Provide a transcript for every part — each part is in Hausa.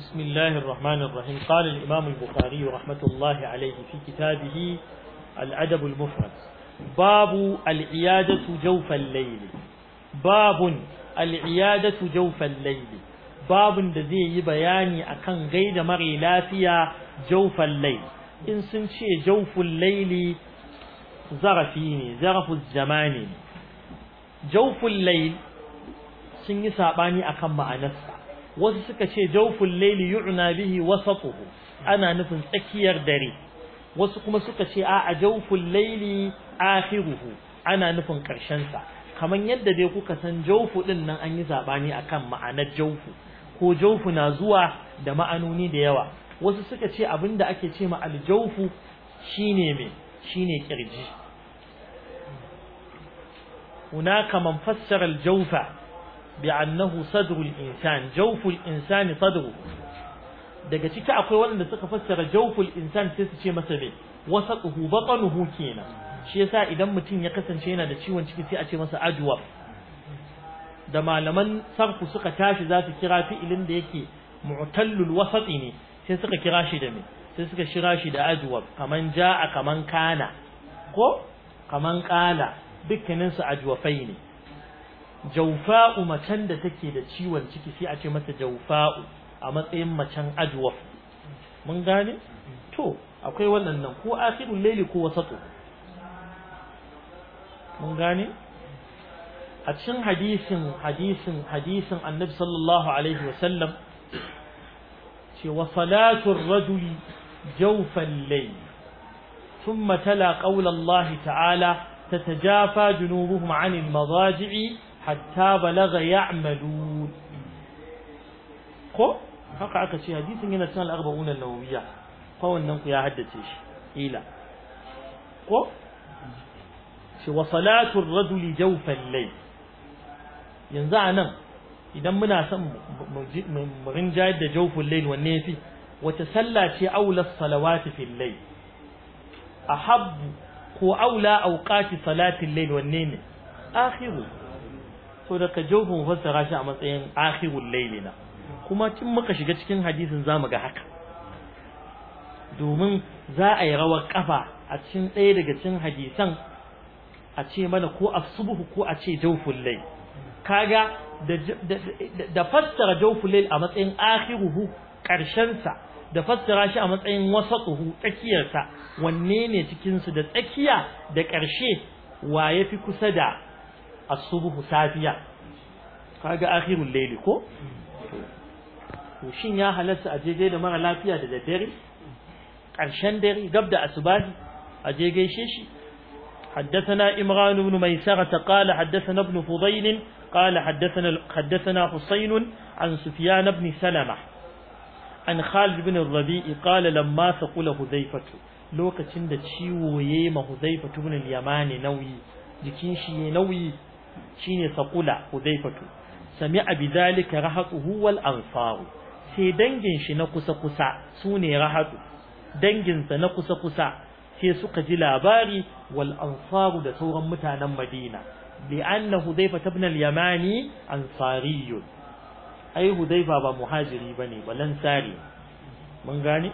بسم الله الرحمن الرحيم قال الإمام البخاري رحمة الله عليه في كتابه الأدب المفرد باب العيادة جوف الليل باب العيادة جوف الليل باب da zai yi bayani akan gaida mare lafiya jaufan layl in sun ce jaufun layli zarafi ne zaraful zamani ne sun yi sabani akan ma'anarsa wasu suka ce jawful layli yu'na bihi wasatuhu ana nufin tsakiyar dare wasu kuma suka ce a jawful layli akhiruhu ana nufin karshen sa kaman yadda dai kuka san jawfu din nan an yi zabani akan ma'anar jawfu ko jawfu na zuwa da ma'anoni da yawa wasu suka ce abinda ake ce ma aljawfu shine me shine kirji hunaka man fassara aljawfa بأنه صدر الإنسان جوف الإنسان صدره daga ciki akwai waɗanda suka fassara jawful insan sai su ce masa wasa wasatuhu baƙanuhu kenan shi yasa idan mutum ya kasance yana da ciwon ciki sai a ce masa ajwa da malaman sarku suka tashi za su kira fi'ilin da yake mu'tallul wasati ne sai suka kira shi da me sai suka shira shi da ajwa kaman ja'a kaman kana ko kaman kala dukkanin su ne jaufa'u macen da take da ciwon ciki sai a ce mata jaufa'u a matsayin macen ajwaf mun gane to akwai wannan nan ko akhirul layli ko wasatu mun gane a cikin hadisin hadisin hadisin annabi sallallahu alaihi wa sallam cewa salatu rajuli jawfan layl ثم تلا قول الله تعالى تتجافى جنوبهم عن المضاجع hatta balagha ya'malu ko haka aka ce hadisin yana cikin al-arba'un an-nawawiyya ko wannan ku ya haddace shi ila ko shi wa salatu ar-rajuli jawfa al-layl yanzu anan idan muna son mu rinjayar da jawful layl wanne yafi wata sallah ce aula salawati fil layl ahabbu ko aula awqati salati al-layl wanne ne akhiru so da ka fassara shi a matsayin akhirul laylina kuma tun muka shiga cikin hadisin zamu ga haka domin za a yi rawar kafa a cikin ɗaya daga cikin hadisan a ce mana ko a subuhu ko a ce jawful layl kaga da fassara jawful layl a matsayin akhiruhu karshen sa da fassara shi a matsayin wasatuhu tsakiyarsa wanne ne cikin su da tsakiya da ƙarshe wa yafi kusa da as-subhu safiya kaga akhirul layli ko to shin ya halarta a je da mara lafiya da daddare ƙarshen dare gab da asubahi a je gaishe shi حدثنا إمران بن ميسرة قال حدثنا ابن فضيل قال حدثنا حدثنا حسين عن سفيان بن سلمة عن خالد بن الربيع قال لما ثقل حذيفة لوكتين دا تشيو يما حذيفة بن اليمان نوي جكين شي نوي shine Sakula, hudaifatu sami'a bidhalika rahatuhu wal ansaru sai dangin shi na kusa kusa sune rahatu dangin sa na kusa kusa sai suka ji labari wal ansaru da sauran mutanen Madina anna hudayfa ibn al-yamani ansari ai Hudaifa ba muhajiri bane sari mun gane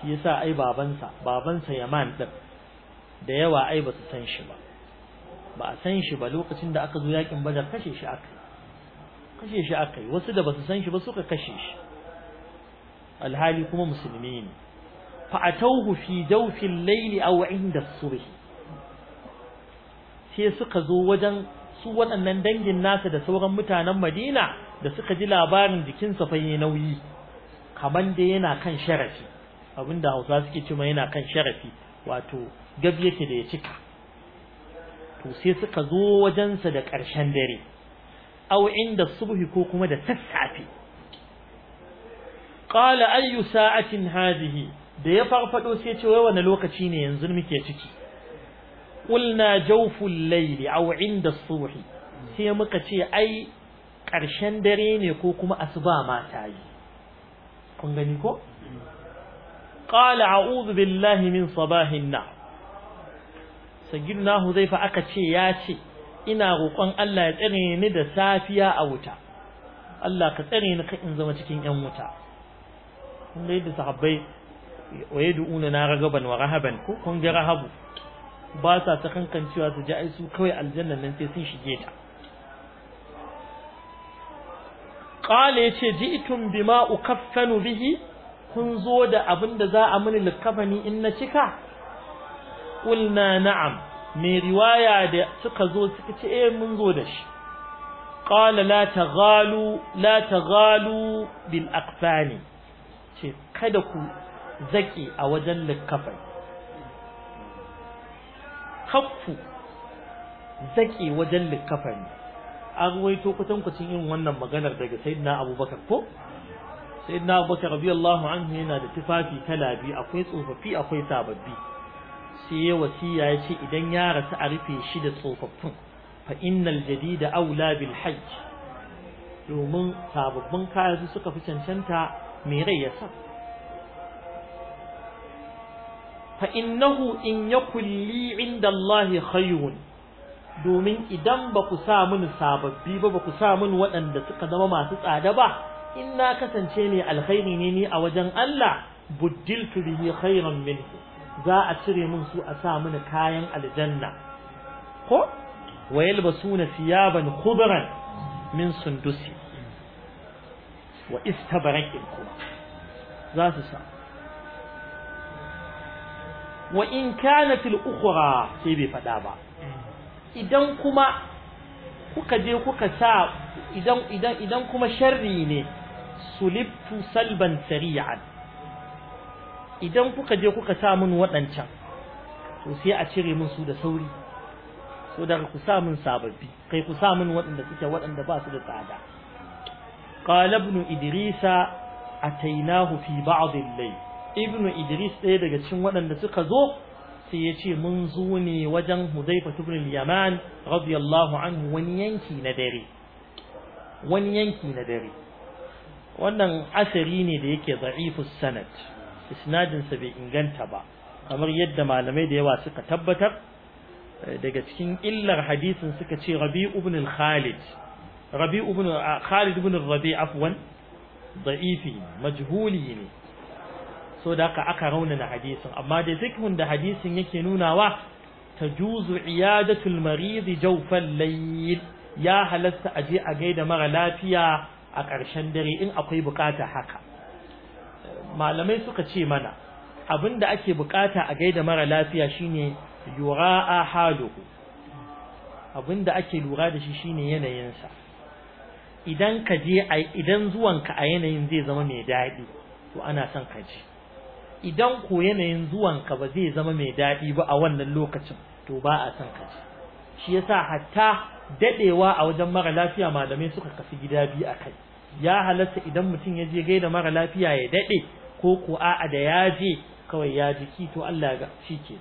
shi yasa ai babansa babansa yaman din da yawa ai ba su san shi ba ba a san shi ba lokacin da aka zo yakin badar kashe shi aka kashe shi aka yi wasu da basu san shi ba suka kashe shi alhali kuma musulmi ne fa atawhu fi dawfil layli aw inda subh sai suka zo wajen su waɗannan dangin nasa da sauran mutanen Madina da suka ji labarin jikinsa fa yayi nauyi kaman da yana kan sharafi abinda Hausa suke cewa yana kan sharafi wato gab yake da ya cika to sai suka zo wajensa da ƙarshen dare aw inda subhi ko kuma da sassafe qala ayyu sa'atin hadhihi da ya farfado sai ce wai wani lokaci ne yanzu muke ciki qulna jawful layli aw inda subhi sai muka ce ai ƙarshen dare ne ko kuma asuba ma ta yi kun gani ko qala a'udhu billahi min sabahin nar sayyiduna huzaifa aka ce ya ce ina roƙon Allah ya tsare ni da safiya a wuta Allah ka tsare ni ka in zama cikin ƴan wuta kun ga yadda sahabbai waye du'una na ragaban wa rahaban ko kun ga rahabu ba sa ta kankancewa su ji ai su kawai aljannan nan sai sun shige ta qala yace ji'tum bima ukaffanu bihi kun zo da abinda za a mini likafani in na cika kulna na'am mai riwaya da suka zo suka ce eh mun zo da shi qala la taghalu la taghalu bil aqfani ce kada ku zaki a wajen likafai kakku zaki wajen likafani an waito kutankucin yin wannan maganar daga sayyidina abubakar ko sayyidina abubakar radiyallahu anhu yana da tufafi kala biyu akwai tsofaffi akwai sababbi sai ya wasiya ya ce idan ya rasu a rufe shi da tsofaffin fa innal jadida aula bil hajj domin sababbin kaya su suka fi cancanta me rai ya sa fa innahu in ya kulli inda Allah khayrun domin idan ba ku sa mun sababbi ba ba ku sa mun waɗanda suka zama masu tsada ba in na kasance ne alkhairi ne ni a wajen Allah buddiltu bihi khayran minhu za a cire min su a sa mini kayan aljanna ko wa yalbasuna thiyaban khudran min sundusi wa istabrakin ku. za su sa wa in kanat al-ukhra sai bai fada ba idan kuma kuka je kuka sa idan idan idan kuma sharri ne sulibtu salban sari'an idan kuka je kuka sa mun waɗancan to sai a cire mun su da sauri so daga ku sa mun sababbi kai ku sa mun waɗanda suke waɗanda ba su da tsada qala ibn idrisa atainahu fi ba'd al-layl ibn idris ɗaya daga cikin waɗanda suka zo sai ya ce mun zo ne wajen hudayfa ibn al-yaman radiyallahu anhu wani yanki na dare wani yanki na dare wannan asari ne da yake da'ifus sanad isnadinsa bai inganta ba kamar yadda malamai da yawa suka tabbatar eh, daga cikin illar hadisin suka ce rabi ibn ah, khalid ibn khalid ibn rabi afwan da'ifi majhuli ne so da aka aka na hadisin amma da fikhun da hadisin yake nunawa tajuzu iyadatul marid jawfal layl ya halatta aje a gaida mara lafiya a ƙarshen dare in akwai bukata haka malamai suka ce mana abin da ake bukata a gaida mara lafiya shine yura'a haluhu abinda ake lura da shi shine yanayinsa idan ka je idan zuwanka a yanayin zai zama mai daɗi to ana son ka ji idan ko yanayin zuwanka ba zai zama mai daɗi ba a wannan lokacin to ba a son ka ji shi yasa hatta dadewa a wajen mara lafiya malamai suka kafi gida biyu akai ya halatta idan mutum ya je gaida mara lafiya ya dade ko ko a'a da ya je kawai ya ji ki to Allah ga shi ke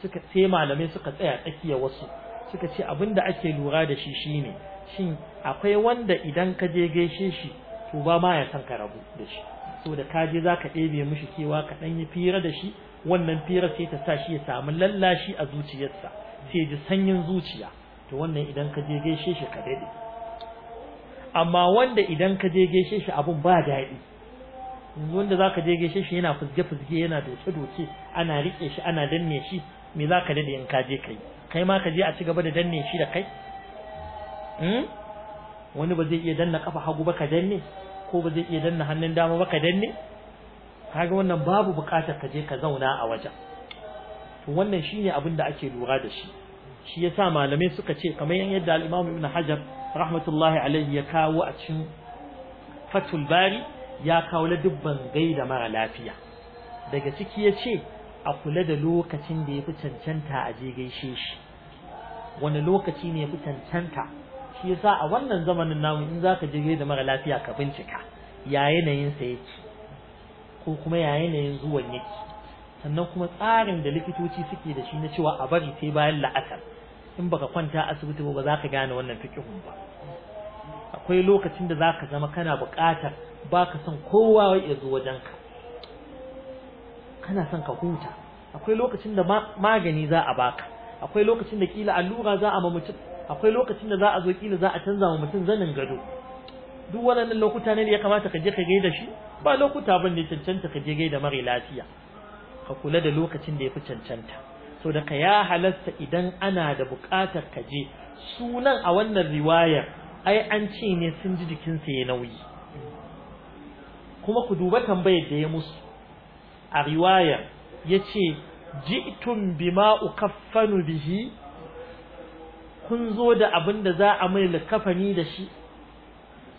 suka sai malamai suka tsaya tsakiya wasu suka ce abinda ake lura da shi shine shin akwai wanda idan ka je gaishe shi to ba ma ya san ka rabu da shi da ka je zaka ɗebe mishi kewa ka dan yi fira da shi wannan fira sai ta sa shi ya samu lallashi a zuciyarsa sai ji sanyin zuciya to wannan idan ka je gaishe shi ka dade amma wanda idan ka je gaishe shi abun ba daɗi yanzu wanda zaka je gaishe shi yana fuzge fuzge yana doce doce ana rike shi ana danne shi me zaka dade in ka je kai kai ma ka je a ci gaba da danne shi da kai hmm? wani ba zai iya danna kafa hagu ba ka danne ko ba zai iya danna hannun dama ba ka danne kaga wannan babu bukatar ka je ka zauna a wajen to wannan shine abin da ake lura da shi shi yasa malamai suka ce kamar yadda al-Imam Ibn Hajar rahmatullahi alaihi ya kawo a cikin Fathul Bari ya kawo dubban gaida mara lafiya daga ciki ya ce a kula da lokacin da ya fi cancanta a je gaishe shi wani lokaci ne ya cancanta shi yasa a wannan zamanin namu in zaka je gaida mara lafiya ka bincika ya yanayin sa yake ko kuma ya yanayin zuwan yake sannan kuma tsarin da likitoci suke da shi na cewa a bari sai bayan la'asar in baka kwanta asibiti ba za ka gane wannan fikihun ba akwai lokacin da zaka zama kana buƙatar baka son kowa ya zo wajenka kana son ka huta akwai lokacin da magani za a baka akwai lokacin da kila allura za a ma mutum akwai lokacin da za a zo kila za a canza ma mutum zanin gado duk waɗannan lokuta ne da ya kamata ka je ka gaida shi ba lokuta ban da cancanta ka je gaida mara lafiya ka kula da lokacin da ya fi cancanta so da ka ya halasta idan ana da buƙatar ka je sunan a wannan riwayar ai an ce ne sun ji jikinsa ya nauyi kuma ku duba tambayar da ya musu a riwaya ya ce ji'tum bima ukaffanu bihi kun zo da abin da za a mai likafani da shi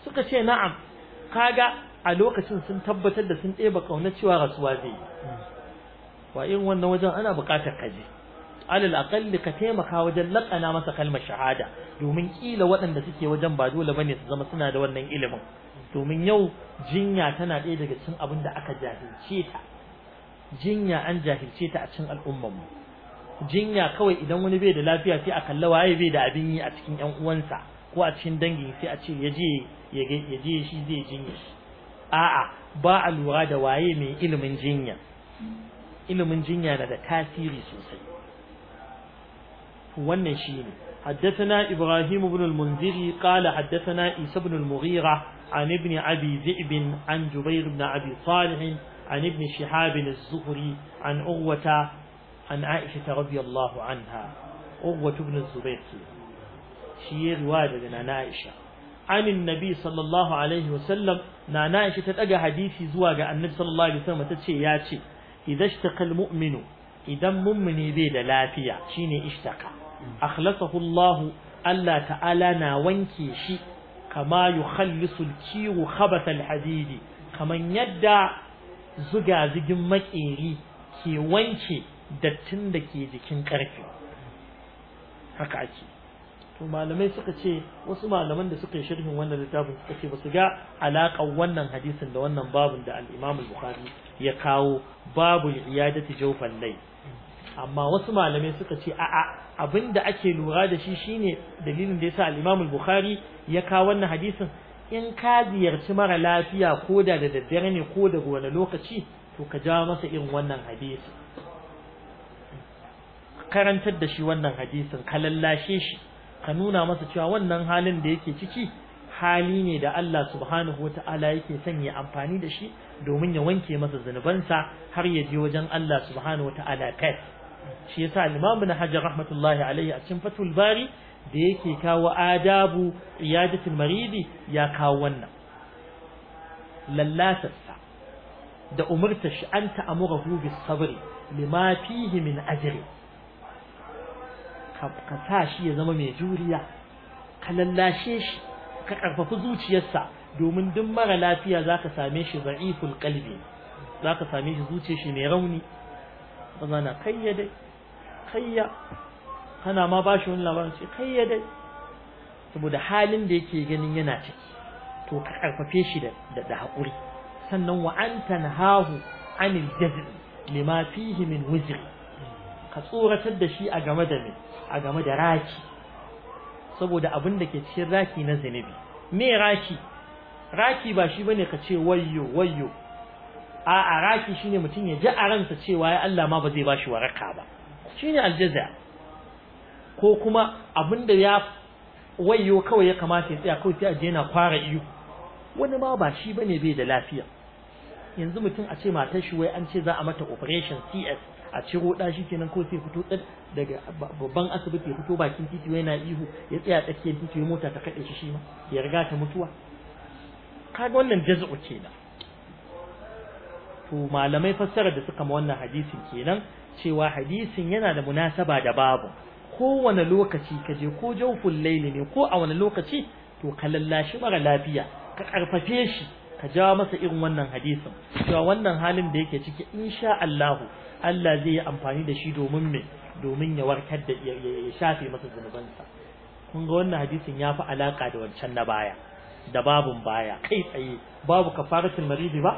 suka ce na'am kaga a lokacin sun tabbatar da sun ɗeba kauna cewa rasuwa zai wa irin wannan wajen ana buƙatar kaje alal aqall ka taimaka wajen laƙana masa kalmar shahada domin kila waɗanda suke wajen ba dole bane su zama suna da wannan ilimin domin yau jinya tana ɗaya daga cikin abin da aka jahilce ta jinya an jahilce ta a cikin al'ummar mu jinya kawai idan wani bai da lafiya sai a kalla waye bai da abin yi a cikin ƴan uwansa ko a cikin dangin sai a ce ya je ya je shi zai jinya a'a ba a lura da waye mai ilimin jinya ilimin jinya na da tasiri sosai wannan shi ne haddasana ibrahimu bin munziri kala haddasana isa bin al an ibn abi zib an jubair bin abi salih an ibn shihab az-zuhri an uwata an aisha radiyallahu anha uwatu bin zubair shi ya riwaya daga aisha an nabi sallallahu alaihi wa sallam nana aisha ta daga hadisi zuwa ga annabi sallallahu alaihi wa sallam ta ya ce idan shtaqal mu'minu idan mu'mini bai da lafiya shine ishtaqa akhlasahu Allah Allah ta'ala na wanke shi kama yukhallisul kiwu khabatal hadidi kaman yadda zuga zigin makeri ke wanke dattin da ke jikin karfe haka ake to malamai suka ce wasu malaman da suka yi sharhin wannan littafin suka ce basu ga alaƙar wannan hadisin da wannan babun da al-Imam al-Bukhari ya kawo babul iyadati jawfan layl amma wasu malamai suka ce a'a abin da ake lura da shi shine dalilin da yasa al-Imam al-Bukhari ya kawo wannan hadisin in ka ziyarci mara lafiya ko da da daddare ne ko da wani lokaci to ka jawo masa irin wannan hadisi karantar da shi wannan hadisin ka lallashe shi ka nuna masa cewa wannan halin da yake ciki hali ne da Allah subhanahu wata'ala yake son ya amfani da shi domin ya wanke masa zunubansa har ya je wajen Allah subhanahu wata'ala kai shi yasa Imam Ibn Hajar rahmatullahi alaihi a cikin Fathul Bari da yake kawo adabu iyadatul maridi ya kawo wannan lallatarsa da umarta shi an ta'amura hu bis sabri lima fihi min ajri ka sa shi ya zama mai juriya ka lallashe shi ka karfafi zuciyarsa domin duk mara lafiya zaka same shi za'iful qalbi zaka same shi zuciyar shi mai rauni zana kayya dai kayya kana ma ba shi wani labarin sai kayya saboda halin da yake ganin yana ciki to ka karfafe shi da da hakuri sannan wa hahu nahahu anil jazm lima fihi min wizr ka tsoratar da shi a game da me a game da raki saboda abin da ke cikin raki na zanibi me raki raki ba shi bane ka ce wayyo wayyo a Raki shi shine mutum ya ji a ransa cewa ya Allah ma ba zai bashi waraka ba shine aljaza ko kuma abinda ya wayo kawai ya kamata ya tsaya kawai sai a je yana fara iyo wani ma ba shi bane bai da lafiya yanzu mutum a ce matar shi wai an ce za a mata operation CS a ciro da shi kenan ko sai fito daga babban asibiti ya fito bakin titi wai na ihu ya tsaya tsakiyar titi mota ta kaɗe shi shi ma ya riga ta mutuwa kaga wannan jazu'u kenan to malamai fassara da suka ma wannan hadisin kenan cewa hadisin yana da munasaba da babu kowane lokaci ka je ko jawful laili ne ko a wani lokaci to ka lallashi mara lafiya ka karfafe shi ka jawo masa irin wannan hadisin cewa wannan halin da yake ciki insha Allah Allah zai yi amfani da shi domin me domin ya warkar da ya shafe masa zunubansa kun ga wannan hadisin ya fi alaka da wancan na baya da babun baya kai tsaye babu kafaratul maridi ba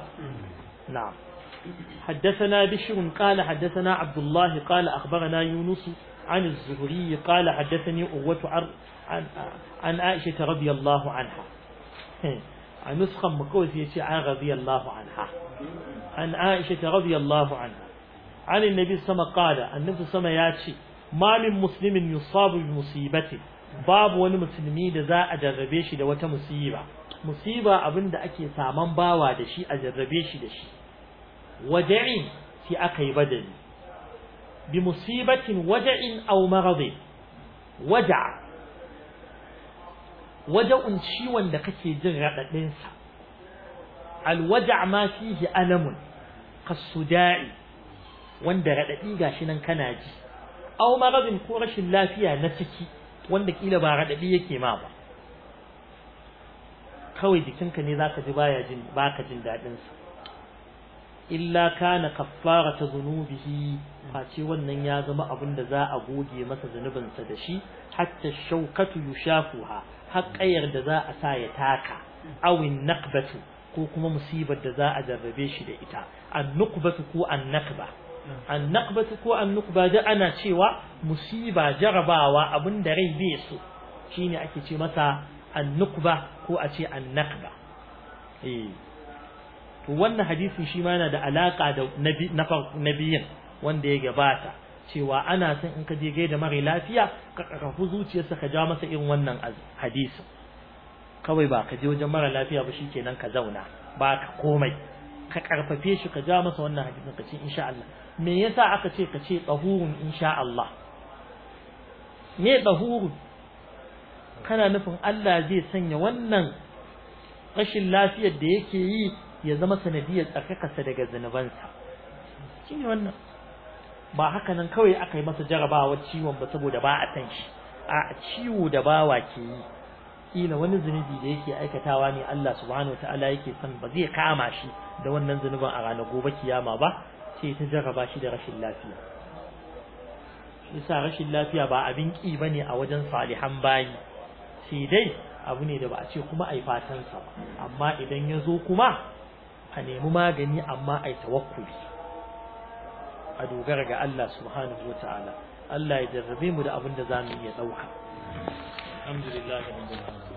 نعم حدثنا بشر قال حدثنا عبد الله قال أخبرنا يونس عن الزهري قال حدثني أوة عن, عن عائشة رضي الله عنها عن نسخة مكوز يشعى رضي الله عنها عن عائشة رضي الله عنها عن النبي صلى الله عليه وسلم قال النبي صلى الله عليه وسلم ما من مسلم يصاب بمصيبته babu wani musulmi da za a jarrabe shi da wata musiba musiba abin da ake saman bawa da shi a jarrabe shi da shi wada'in sai aka yi badali bi musibatin wada'in aw maradin wada wada'un ciwon da kake jin radadin sa al fi ma fihi alamun kasudai wanda ga gashi nan kana ji aw maradin ko rashin lafiya na ciki wanda ƙila ba raɗaɗi yake ma ba kawai jikinka ne ka ji baya jin baka jin daɗinsa. illa kana kaffarata zunubihi kace wannan ya zama abin da za a goge masa zunubinsa da shi hatta shaukatu yushafuha haƙayar da za a sa ya taka awin naqbatu ko kuma musibar da za a jarrabe shi da ita annuqbatu ko annakba naqba ko annukba da ana cewa musiba jarabawa abin da rai bai so shine ake ce masa annukba ko a ce an eh to wannan hadisin shi ma yana da alaka da nabiyin wanda ya gabata cewa ana son in ka je gaida mara lafiya ka karfafu zuciyarsa ka ja masa irin wannan hadisin kawai ba ka je wajen mara lafiya ba shikenan ka zauna ba ka komai ka karfafe shi ka ja masa wannan hadisin ka ce insha Allah me yasa aka ce ka ce tahurun insha Allah me tahurun kana nufin Allah zai sanya wannan rashin lafiyar da yake yi ya zama sanadiyar tsarkakarsa daga zunubansa ne wannan ba haka nan kawai aka yi masa jarabawa ciwon ba saboda ba a san shi a ciwo da bawa ke yi kila wani zunubi da yake aikatawa ne Allah subhanahu wataala yake son ba zai kama shi da wannan zunubin a ranar gobe kiyama ba sai ta jarraba shi da rashin lafiya yasa rashin lafiya ba abin ki bane a wajen salihan bayi sai dai abu ne da ba a ce kuma ai fatan sa ba amma idan ya zo kuma a nemi magani amma a yi tawakkuli a dogara ga Allah subhanahu wata'ala Allah ya jarrabe mu da abin da za mu iya ɗauka alhamdulillah